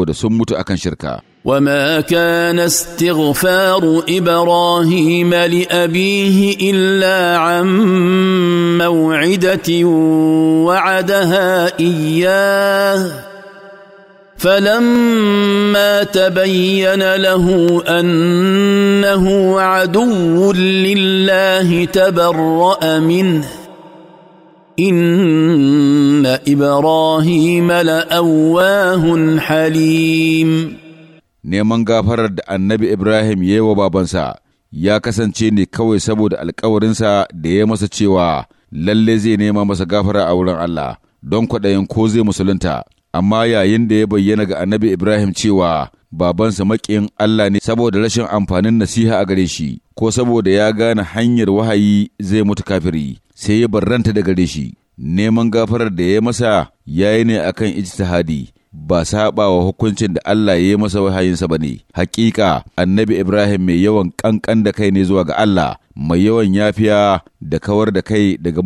saboda sun mutu akan shirka وما كان استغفار ابراهيم لابيه الا عن موعده وعدها اياه فلما تبين له انه عدو لله تبرا منه إن إبراهيم لأواه Halim. neman gafarar da annabi Ibrahim ya yi wa babansa ya kasance ne kawai saboda alkawarinsa da ya masa cewa lalle zai nema masa gafara a wurin Allah don kwaɗayin ko zai musulunta amma yayin da ya bayyana ga annabi Ibrahim cewa babansa maƙin Allah ne saboda rashin amfanin nasiha a gare shi ko saboda ya gane hanyar wahayi zai mutu kafiri sai ya barranta da gare shi neman gafarar da ya yi masa ya yi ne a akan ijtihadi ba saba wa hukuncin da Allah ya yi masa wahayinsa ba ne. Hakika, annabi Ibrahim mai yawan ƙanƙan da kai ne zuwa ga Allah, mai yawan yafiya da kawar da kai daga